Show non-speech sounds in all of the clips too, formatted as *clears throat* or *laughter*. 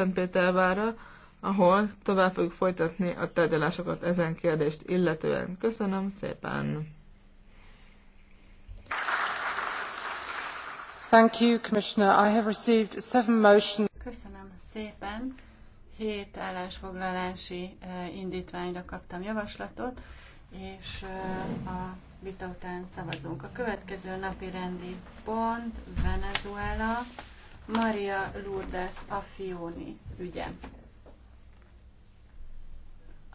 Szentpétervára, ahol tovább fogjuk folytatni a tárgyalásokat ezen kérdést illetően. Köszönöm szépen! Thank you, Commissioner. I have received seven motions. Köszönöm szépen! Hét állásfoglalási eh, indítványra kaptam javaslatot, és eh, a vita után szavazunk. A következő napi rendi pont Venezuela. Maria Lourdes Affioni ügye.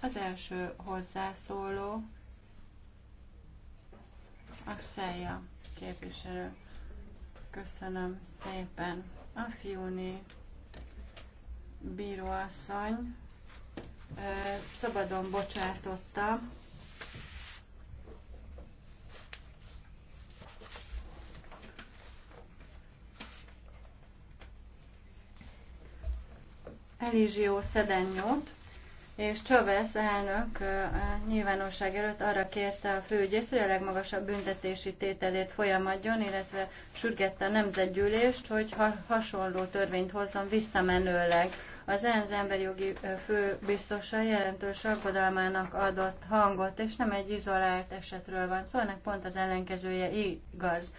Az első hozzászóló Axelja képviselő. Köszönöm szépen. Affioni bíróasszony szabadon bocsátotta Elizsió Szedennyót, és Csövesz elnök nyilvánosság előtt arra kérte a főügyész, hogy a legmagasabb büntetési tételét folyamadjon, illetve sürgette a nemzetgyűlést, hogy ha hasonló törvényt hozzon visszamenőleg. Az ENSZ emberi jogi főbiztosa jelentős aggodalmának adott hangot, és nem egy izolált esetről van szó, szóval ennek pont az ellenkezője igaz.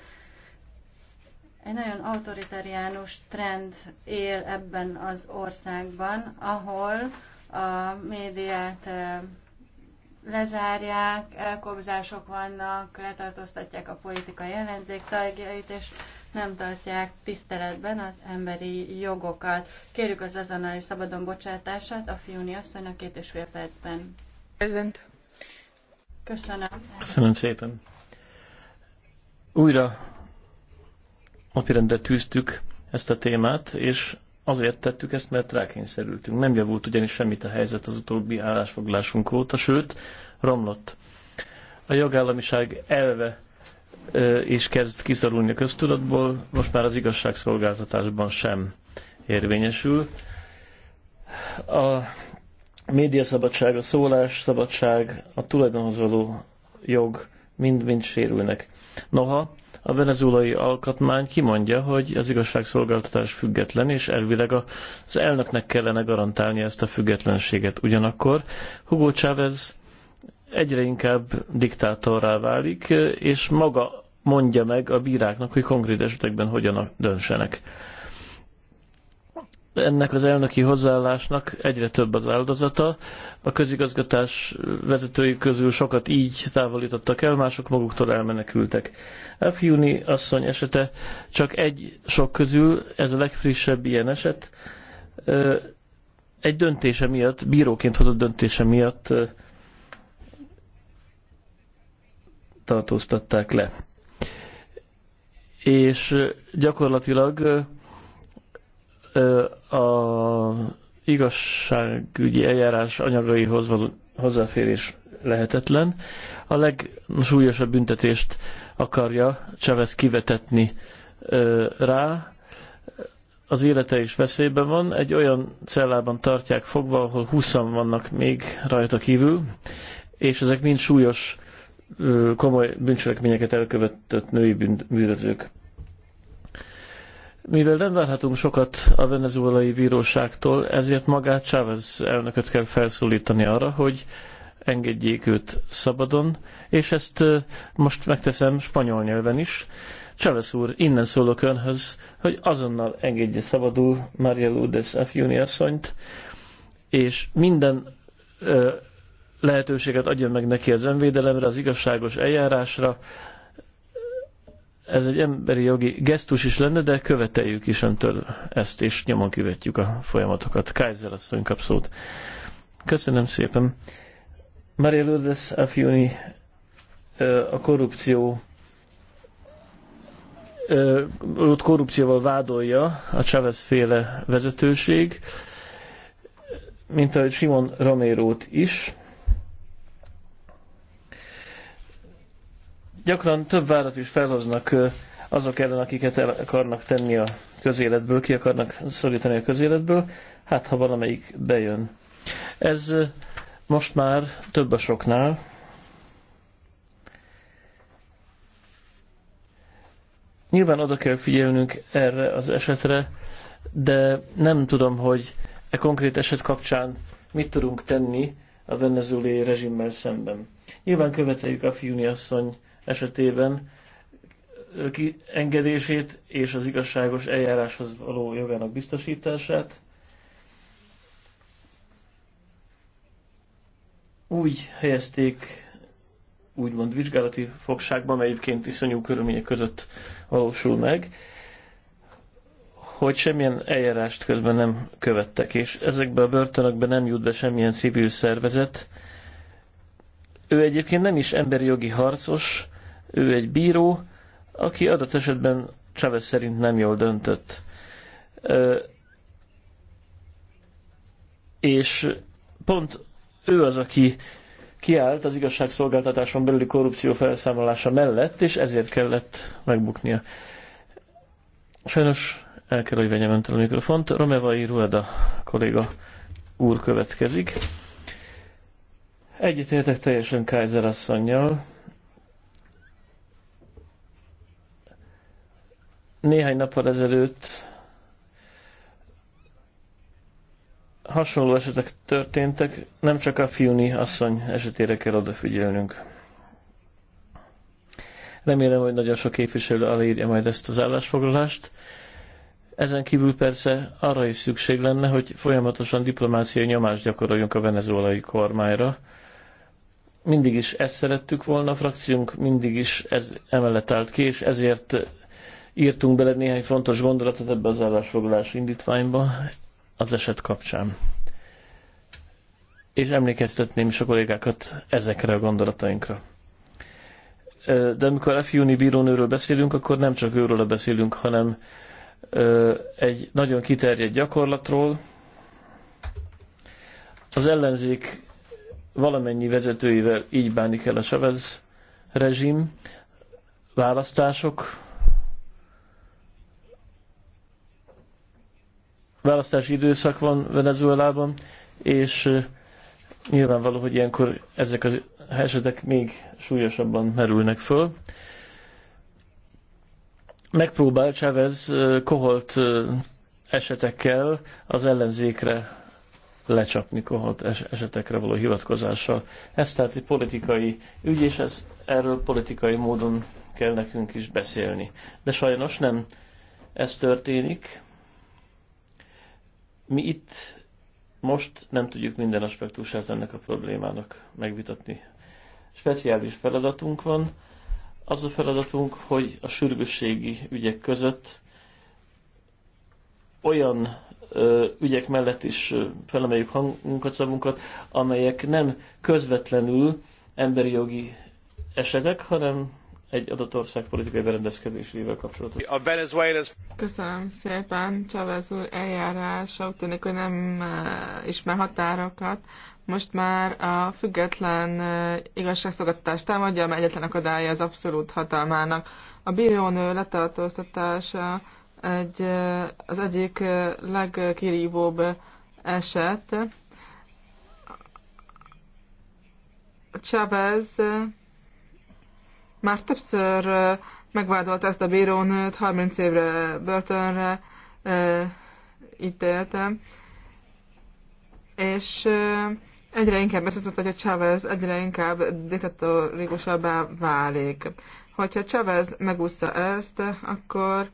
Egy nagyon autoritáriánus trend él ebben az országban, ahol a médiát lezárják, elkobzások vannak, letartóztatják a politikai ellenzék tagjait, és nem tartják tiszteletben az emberi jogokat. Kérjük az azonnali szabadon bocsátását a fiúni asszonynak két és fél percben. Present. Köszönöm. Köszönöm szépen. Újra napirendre tűztük ezt a témát, és azért tettük ezt, mert rákényszerültünk. Nem javult ugyanis semmit a helyzet az utóbbi állásfoglásunk óta, sőt, romlott. A jogállamiság elve és kezd kiszorulni a köztudatból, most már az igazságszolgáltatásban sem érvényesül. A médiaszabadság, a szólásszabadság, a tulajdonhoz való jog mind-mind sérülnek. Noha a venezuelai alkotmány kimondja, hogy az igazságszolgáltatás független, és elvileg az elnöknek kellene garantálni ezt a függetlenséget. Ugyanakkor Hugo Chávez egyre inkább diktátorrá válik, és maga mondja meg a bíráknak, hogy konkrét esetekben hogyan döntsenek ennek az elnöki hozzáállásnak egyre több az áldozata. A közigazgatás vezetői közül sokat így távolítottak el, mások maguktól elmenekültek. Elfiúni asszony esete csak egy sok közül, ez a legfrissebb ilyen eset, egy döntése miatt, bíróként hozott döntése miatt tartóztatták le. És gyakorlatilag a igazságügyi eljárás anyagaihoz való hozzáférés lehetetlen. A legsúlyosabb büntetést akarja Csevesz kivetetni rá. Az élete is veszélyben van. Egy olyan cellában tartják fogva, ahol 20 vannak még rajta kívül, és ezek mind súlyos, komoly bűncselekményeket elkövetett női bűnözők. Mivel nem várhatunk sokat a venezuelai bíróságtól, ezért magát Chávez elnököt kell felszólítani arra, hogy engedjék őt szabadon, és ezt most megteszem spanyol nyelven is. Chávez úr, innen szólok önhöz, hogy azonnal engedje szabadul Maria Lourdes F. Juniorszonyt, és minden ö, lehetőséget adjon meg neki az önvédelemre, az igazságos eljárásra, ez egy emberi jogi gesztus is lenne, de követeljük is öntől ezt, és nyomon kivetjük a folyamatokat. Kaiser asszony kap szót. Köszönöm szépen. Maria Lourdes Afioni a korrupció korrupcióval vádolja a Chavez féle vezetőség, mint ahogy Simon Romérót is. Gyakran több várat is felhoznak azok ellen, akiket el akarnak tenni a közéletből, ki akarnak szorítani a közéletből, hát ha valamelyik bejön. Ez most már több a soknál. Nyilván oda kell figyelnünk erre az esetre, de nem tudom, hogy e konkrét eset kapcsán mit tudunk tenni a venezuelai rezsimmel szemben. Nyilván követeljük a fiúni asszony esetében engedését és az igazságos eljáráshoz való jogának biztosítását. Úgy helyezték úgymond vizsgálati fogságban, mely egyébként iszonyú körülmények között valósul meg, hogy semmilyen eljárást közben nem követtek, és ezekbe a börtönökbe nem jut be semmilyen civil szervezet. Ő egyébként nem is emberi jogi harcos, ő egy bíró, aki adott esetben Chavez szerint nem jól döntött. És pont ő az, aki kiállt az igazságszolgáltatáson belüli korrupció felszámolása mellett, és ezért kellett megbuknia. Sajnos el kell, hogy vegyem öntől a mikrofont. Romevai Rueda kolléga úr következik. Egyetértek teljesen Kaiser asszonynal. Néhány nappal ezelőtt hasonló esetek történtek, nem csak a fiúni asszony esetére kell odafigyelnünk. Remélem, hogy nagyon sok képviselő aláírja majd ezt az állásfoglalást. Ezen kívül persze arra is szükség lenne, hogy folyamatosan diplomáciai nyomást gyakoroljunk a venezuelai kormányra. Mindig is ezt szerettük volna, a frakciónk mindig is ez emellett állt ki, és ezért írtunk bele néhány fontos gondolatot ebbe az állásfoglalás indítványba az eset kapcsán. És emlékeztetném is a kollégákat ezekre a gondolatainkra. De amikor a fiúni bírónőről beszélünk, akkor nem csak őről beszélünk, hanem egy nagyon kiterjedt gyakorlatról. Az ellenzék valamennyi vezetőivel így bánik el a Chavez rezsim, választások, választási időszak van Venezuelában, és nyilvánvaló, hogy ilyenkor ezek az esetek még súlyosabban merülnek föl. Megpróbál Chávez koholt esetekkel az ellenzékre lecsapni koholt esetekre való hivatkozással. Ez tehát egy politikai ügy, és ez, erről politikai módon kell nekünk is beszélni. De sajnos nem ez történik. Mi itt most nem tudjuk minden aspektusát ennek a problémának megvitatni. Speciális feladatunk van, az a feladatunk, hogy a sürgősségi ügyek között olyan ö, ügyek mellett is felemeljük hangunkat, szavunkat, amelyek nem közvetlenül emberi jogi esetek, hanem egy adott ország politikai berendezkedésével kapcsolatos. A Venezuelas... Köszönöm szépen, Chavez úr eljárása, úgy tűnik, hogy nem eh, ismer határokat. Most már a független eh, igazságszolgáltatás támadja, mert egyetlen akadálya az abszolút hatalmának. A bírónő letartóztatása egy, eh, az egyik legkirívóbb eset. Chavez már többször megvádolt ezt a bírónőt, 30 évre börtönre ítéltem, és egyre inkább ezt hogy a Chávez egyre inkább diktatórikusabbá válik. Hogyha Chávez megúszta ezt, akkor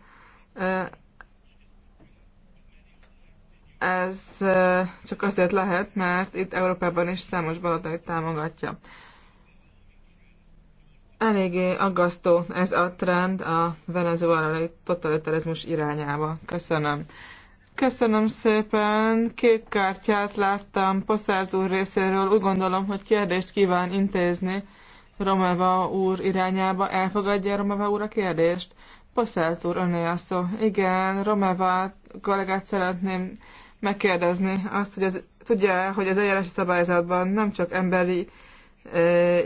ez csak azért lehet, mert itt Európában is számos baloldalt támogatja. Eléggé aggasztó ez a trend a venezuelai totalitarizmus irányába. Köszönöm. Köszönöm szépen. Kék kártyát láttam Poszelt úr részéről. Úgy gondolom, hogy kérdést kíván intézni Romeva úr irányába. Elfogadja Romeva úr a kérdést? Poszelt úr, öné a szó. Igen, Romeva kollégát szeretném megkérdezni azt, hogy az, tudja, hogy az eljárási szabályzatban nem csak emberi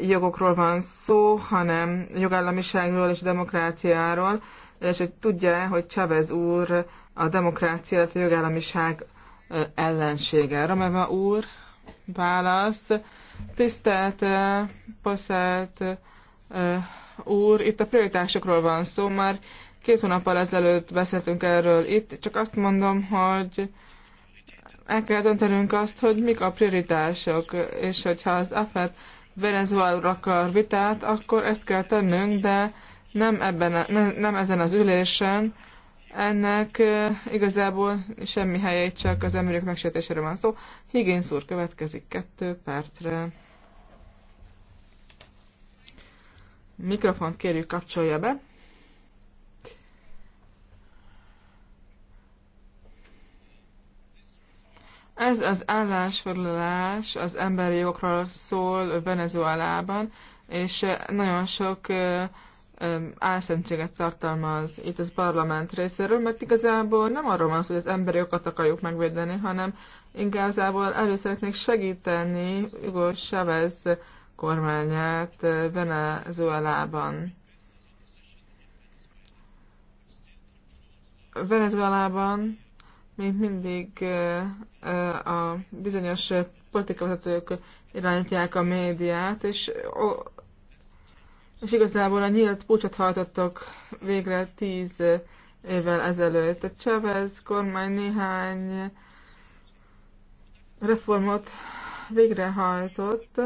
jogokról van szó, hanem jogállamiságról és demokráciáról, és hogy tudja, hogy Chavez úr a demokrácia, illetve a jogállamiság ellensége. Rameva úr, válasz. Tisztelt poszelt úr, itt a prioritásokról van szó, már két hónappal ezelőtt beszéltünk erről itt, csak azt mondom, hogy el kell döntenünk azt, hogy mik a prioritások, és hogyha az AFET Venezuela akar vitát, akkor ezt kell tennünk, de nem, ebben, a, nem, nem ezen az ülésen, ennek igazából semmi helye, csak az emberek megsértésére van szó. Higgins úr következik kettő percre. Mikrofont kérjük kapcsolja be. Ez az állásfoglalás az emberi jogokról szól Venezuelában, és nagyon sok álszentséget tartalmaz itt az parlament részéről, mert igazából nem arról van szó, hogy az emberi jogokat akarjuk megvédeni, hanem igazából elő szeretnék segíteni Hugo Chavez kormányát Venezuelában. Venezuelában még mindig a bizonyos politikavezetők irányítják a médiát, és, és igazából a nyílt pucsot hajtottak végre tíz évvel ezelőtt. A Chavez kormány néhány reformot végrehajtott,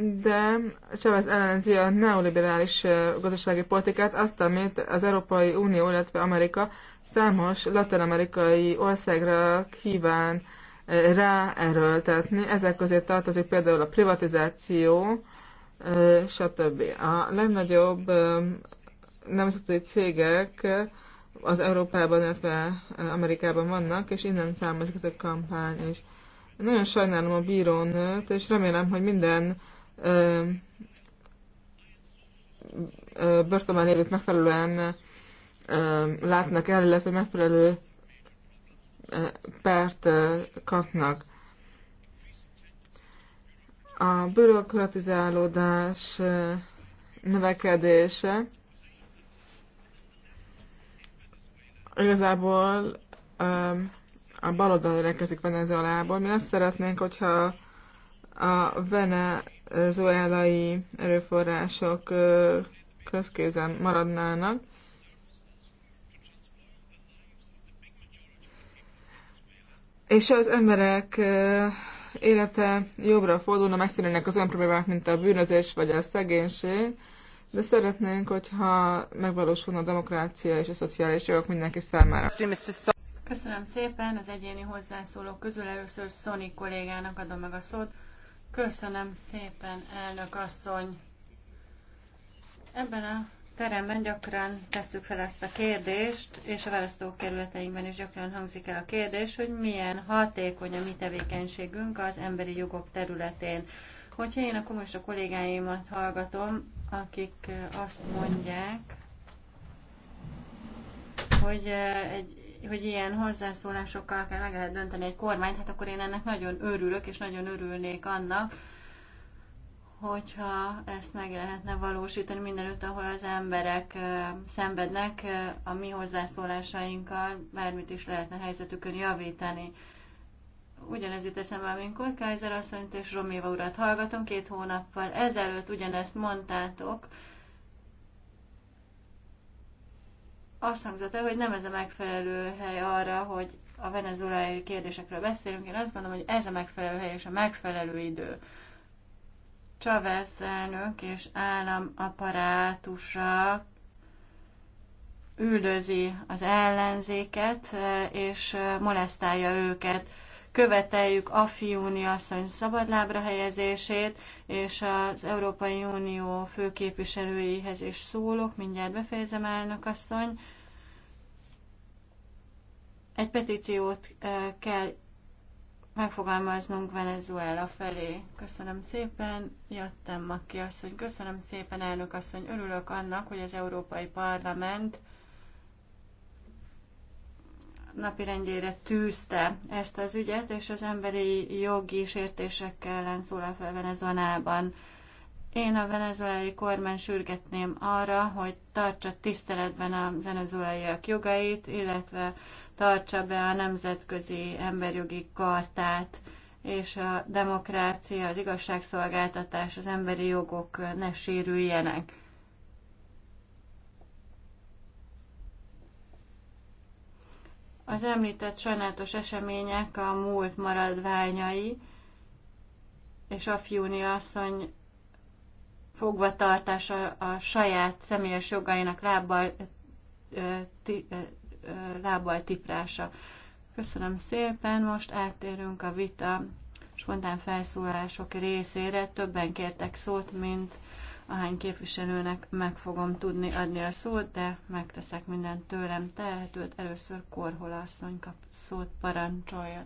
de Chávez ellenzi a neoliberális gazdasági politikát, azt, amit az Európai Unió, illetve Amerika számos latin-amerikai országra kíván ráerőltetni. Ezek közé tartozik például a privatizáció, stb. A legnagyobb nemzetközi cégek az Európában, illetve Amerikában vannak, és innen származik ez a kampány is. Nagyon sajnálom a bírónőt, és remélem, hogy minden börtönben lévők megfelelően látnak el, illetve megfelelő pert kapnak. A bürokratizálódás növekedése igazából a baloldal érkezik Venezuelából. Mi azt szeretnénk, hogyha a vene zoelai erőforrások közkézen maradnának. És az emberek élete jobbra fordulna, megszűnnének az olyan problémák, mint a bűnözés vagy a szegénység, de szeretnénk, hogyha megvalósulna a demokrácia és a szociális jogok mindenki számára. Köszönöm szépen az egyéni hozzászólók közül. Először Sony kollégának adom meg a szót. Köszönöm szépen, elnök asszony. Ebben a teremben gyakran tesszük fel ezt a kérdést, és a választókerületeinkben is gyakran hangzik el a kérdés, hogy milyen hatékony a mi tevékenységünk az emberi jogok területén. Hogyha én a kommunista kollégáimat hallgatom, akik azt mondják, hogy eh, egy hogy ilyen hozzászólásokkal kell meg lehet dönteni egy kormányt, hát akkor én ennek nagyon örülök, és nagyon örülnék annak, hogyha ezt meg lehetne valósítani mindenütt, ahol az emberek szenvednek, a mi hozzászólásainkkal bármit is lehetne helyzetükön javítani. Ugyanez itt eszembe, amikor Kaiser asszonyt és Roméva urat hallgatom, két hónappal ezelőtt ugyanezt mondtátok, azt hangzott el, hogy nem ez a megfelelő hely arra, hogy a venezuelai kérdésekről beszélünk. Én azt gondolom, hogy ez a megfelelő hely és a megfelelő idő. Chavez elnök és államaparátusa üldözi az ellenzéket, eh, és eh, molesztálja őket követeljük a Fiúni asszony szabadlábra helyezését, és az Európai Unió főképviselőihez is szólok, mindjárt befejezem elnök asszony. Egy petíciót kell megfogalmaznunk Venezuela felé. Köszönöm szépen, jöttem Maki asszony. Köszönöm szépen, elnök asszony. Örülök annak, hogy az Európai Parlament napirendjére tűzte ezt az ügyet, és az emberi jogi sértésekkel ellen szólal fel Venezuelában. Én a venezuelai kormány sürgetném arra, hogy tartsa tiszteletben a venezuelaiak jogait, illetve tartsa be a nemzetközi emberjogi kartát, és a demokrácia, az igazságszolgáltatás, az emberi jogok ne sérüljenek. Az említett sajnálatos események a múlt maradványai, és a fiúni asszony fogvatartása a saját személyes jogainak lábbal, ti, lábbal tiprása. Köszönöm szépen, most áttérünk a vita spontán felszólások részére. Többen kértek szót, mint ahány képviselőnek meg fogom tudni adni a szót, de megteszek mindent tőlem telhetőt. Először Korhola asszony kap szót, parancsoljon.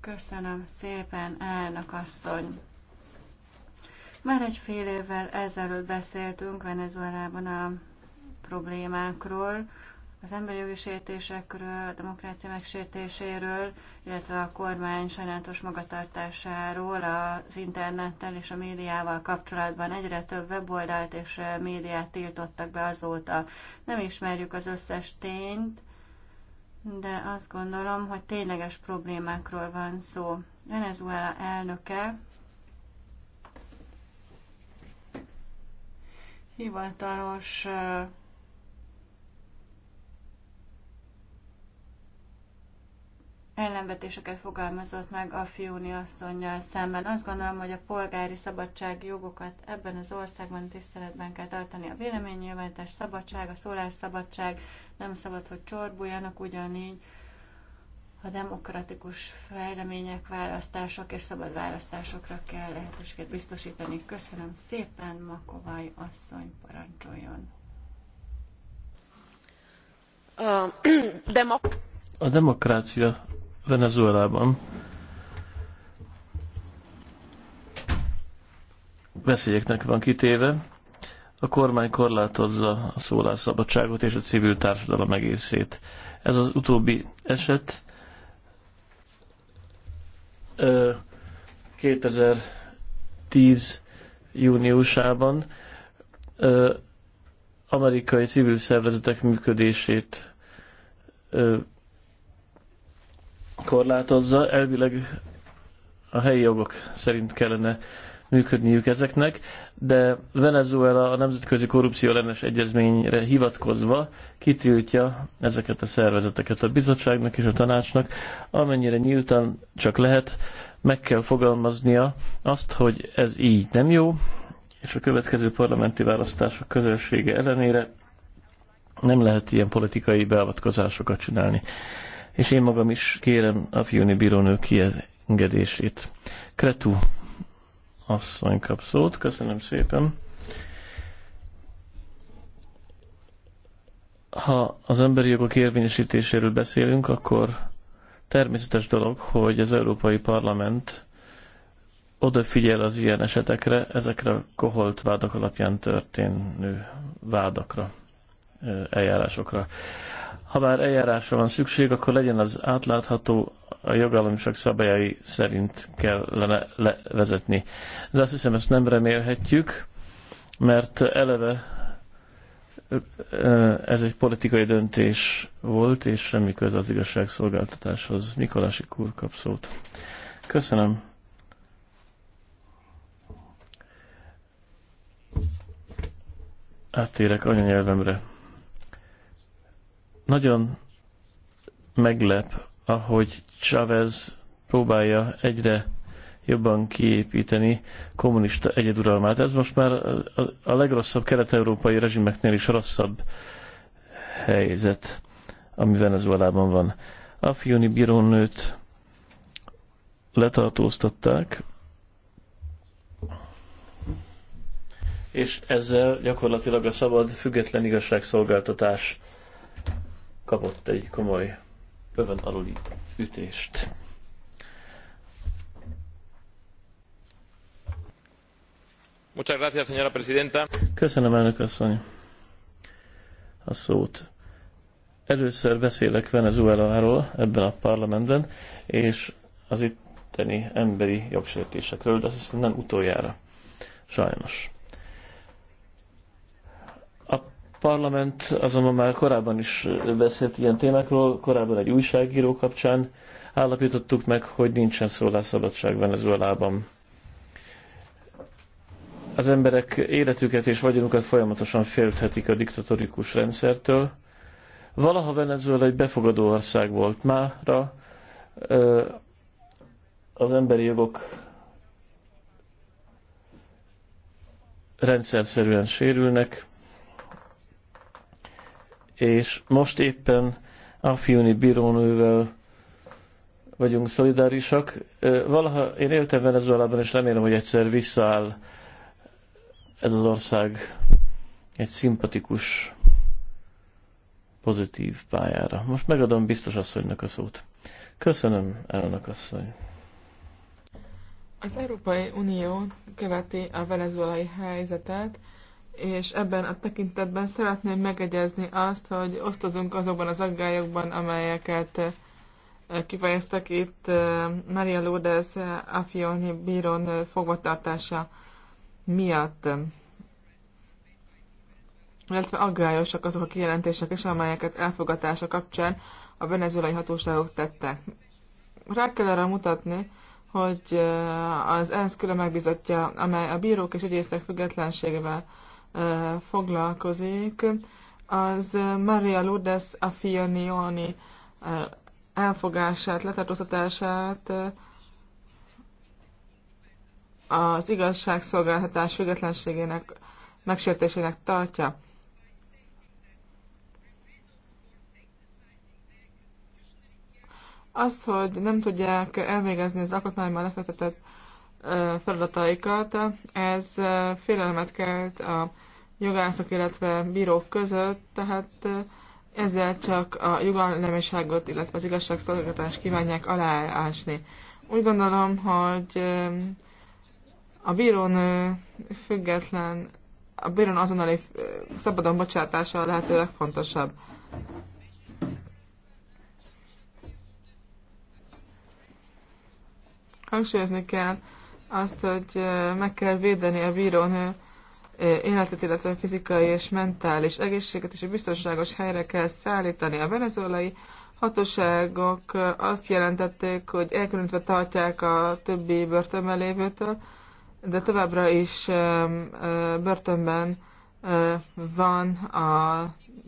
Köszönöm szépen, elnök asszony. Már egy fél évvel ezelőtt beszéltünk Venezuelában a problémákról, az emberi jogi sértésekről, a demokrácia megsértéséről, illetve a kormány sajnálatos magatartásáról az internettel és a médiával kapcsolatban egyre több weboldalt és médiát tiltottak be azóta. Nem ismerjük az összes tényt, de azt gondolom, hogy tényleges problémákról van szó. Venezuela elnöke hivatalos ellenvetéseket fogalmazott meg a Fiúni asszonynal szemben. Azt gondolom, hogy a polgári szabadság jogokat ebben az országban tiszteletben kell tartani. A véleménynyilvánítás szabadság, a szólásszabadság nem szabad, hogy csorbuljanak ugyanígy a demokratikus fejlemények, választások és szabad választásokra kell lehetőséget biztosítani. Köszönöm szépen, Makovaj asszony parancsoljon. *clears throat* A, demok- a demokrácia Venezuelában veszélyeknek van kitéve. A kormány korlátozza a szólásszabadságot és a civil társadalom egészét. Ez az utóbbi eset 2010 júniusában amerikai civil szervezetek működését korlátozza, elvileg a helyi jogok szerint kellene működniük ezeknek, de Venezuela a Nemzetközi Korrupció ellenes egyezményre hivatkozva kitiltja ezeket a szervezeteket a bizottságnak és a tanácsnak, amennyire nyíltan csak lehet, meg kell fogalmaznia azt, hogy ez így nem jó, és a következő parlamenti választások közössége ellenére nem lehet ilyen politikai beavatkozásokat csinálni és én magam is kérem a Fiuni bírónő kiengedését. Kretu asszony kap szót, köszönöm szépen. Ha az emberi jogok érvényesítéséről beszélünk, akkor természetes dolog, hogy az Európai Parlament odafigyel az ilyen esetekre, ezekre a koholt vádak alapján történő vádakra, eljárásokra ha már eljárásra van szükség, akkor legyen az átlátható, a jogállamiság szabályai szerint kellene levezetni. De azt hiszem, ezt nem remélhetjük, mert eleve ez egy politikai döntés volt, és semmi köz az igazságszolgáltatáshoz. Mikolási Kúr kap szót. Köszönöm. Áttérek anyanyelvemre. Nagyon meglep, ahogy Chavez próbálja egyre jobban kiépíteni kommunista egyeduralmát. Ez most már a legrosszabb kelet-európai rezsimeknél is rosszabb helyzet, ami Venezuelában van. A Fioni bírónőt letartóztatták, és ezzel gyakorlatilag a szabad, független igazságszolgáltatás kapott egy komoly övön aluli ütést. Muchas gracias, señora presidenta. Köszönöm, elnök asszony, a szót. Először beszélek Venezuela-ról ebben a parlamentben, és az itteni emberi jogsértésekről, de azt hiszem nem utoljára. Sajnos parlament azonban már korábban is beszélt ilyen témákról, korábban egy újságíró kapcsán állapítottuk meg, hogy nincsen szólásszabadság Venezuelában. Az emberek életüket és vagyonukat folyamatosan félthetik a diktatórikus rendszertől. Valaha Venezuela egy befogadó ország volt mára, az emberi jogok szerűen sérülnek, és most éppen Afjuni bírónővel vagyunk szolidárisak. Valaha én éltem Venezuelában, és remélem, hogy egyszer visszaáll ez az ország egy szimpatikus, pozitív pályára. Most megadom biztos asszonynak a szót. Köszönöm, elnök asszony. Az Európai Unió követi a venezuelai helyzetet, és ebben a tekintetben szeretném megegyezni azt, hogy osztozunk azokban az aggályokban, amelyeket eh, kifejeztek itt eh, Maria Lourdes eh, Afioni bíron fogvatartása miatt. Illetve aggályosak azok a kijelentések is, amelyeket elfogatása kapcsán a venezuelai hatóságok tettek. Rá kell arra mutatni, hogy az ENSZ külön megbizotja, amely a bírók és ügyészek függetlenségével foglalkozik, az Maria Lourdes Affionioni elfogását, letartóztatását az igazságszolgáltatás függetlenségének megsértésének tartja. Az, hogy nem tudják elvégezni az alkotmányban lefektetett feladataikat. Ez félelmet kelt a jogászok, illetve bírók között, tehát ezzel csak a jogállamiságot, illetve az igazságszolgáltatást kívánják aláásni. Úgy gondolom, hogy a bírón független, a bírón azonnali szabadon bocsátása a lehető legfontosabb. Hangsúlyozni kell azt, hogy meg kell védeni a bírónő életet, illetve fizikai és mentális egészséget, és egy biztonságos helyre kell szállítani. A venezuelai hatóságok azt jelentették, hogy elkülönítve tartják a többi börtönben lévőtől, de továbbra is börtönben van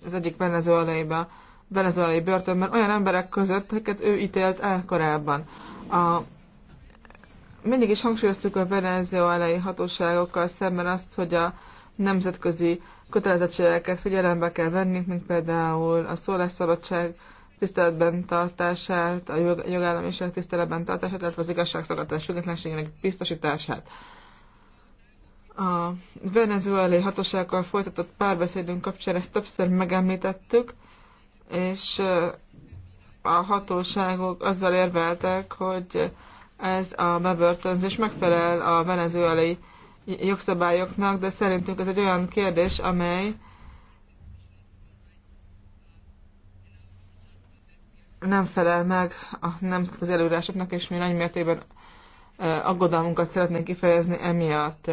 az egyik venezuelaiba, venezuelai börtönben olyan emberek között, akiket ő ítélt el korábban. A mindig is hangsúlyoztuk a venezuelai hatóságokkal szemben azt, hogy a nemzetközi kötelezettségeket figyelembe kell vennünk, mint például a szólásszabadság tiszteletben tartását, a jogállamiság tiszteletben tartását, illetve az igazságszolgáltatás függetlenségének biztosítását. A venezuelai hatóságokkal folytatott párbeszédünk kapcsán ezt többször megemlítettük, és a hatóságok azzal érveltek, hogy ez a bebörtönzés megfelel a venezuelai jogszabályoknak, de szerintünk ez egy olyan kérdés, amely nem felel meg a nemzetközi előírásoknak, és mi mértékben aggodalmunkat szeretnénk kifejezni emiatt.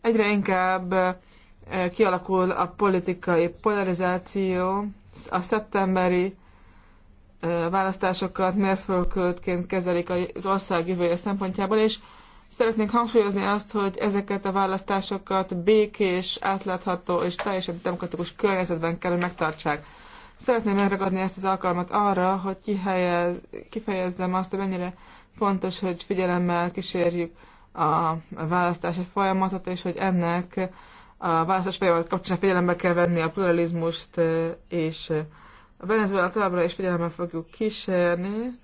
Egyre inkább kialakul a politikai polarizáció, a szeptemberi választásokat mérföldköltként kezelik az ország jövője szempontjából, és szeretnék hangsúlyozni azt, hogy ezeket a választásokat békés, átlátható és teljesen demokratikus környezetben kell, hogy megtartsák. Szeretném megragadni ezt az alkalmat arra, hogy kihelyez, kifejezzem azt, hogy mennyire fontos, hogy figyelemmel kísérjük a választási folyamatot, és hogy ennek a választás folyamat kapcsán figyelembe kell venni a pluralizmust és a Venezuela továbbra is figyelemmel fogjuk kísérni,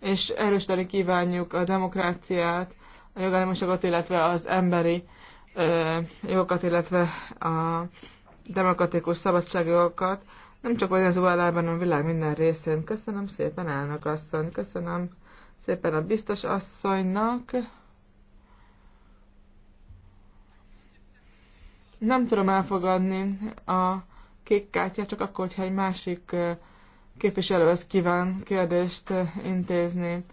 és erősíteni kívánjuk a demokráciát, a jogállamiságot, illetve az emberi ö, jogokat, illetve a demokratikus szabadságjogokat, nem csak Venezuelában, hanem a világ minden részén. Köszönöm szépen, elnök asszony, köszönöm szépen a biztos asszonynak. Nem tudom elfogadni a kék kártyát, csak akkor, hogyha egy másik képviselőhöz kíván kérdést intézni.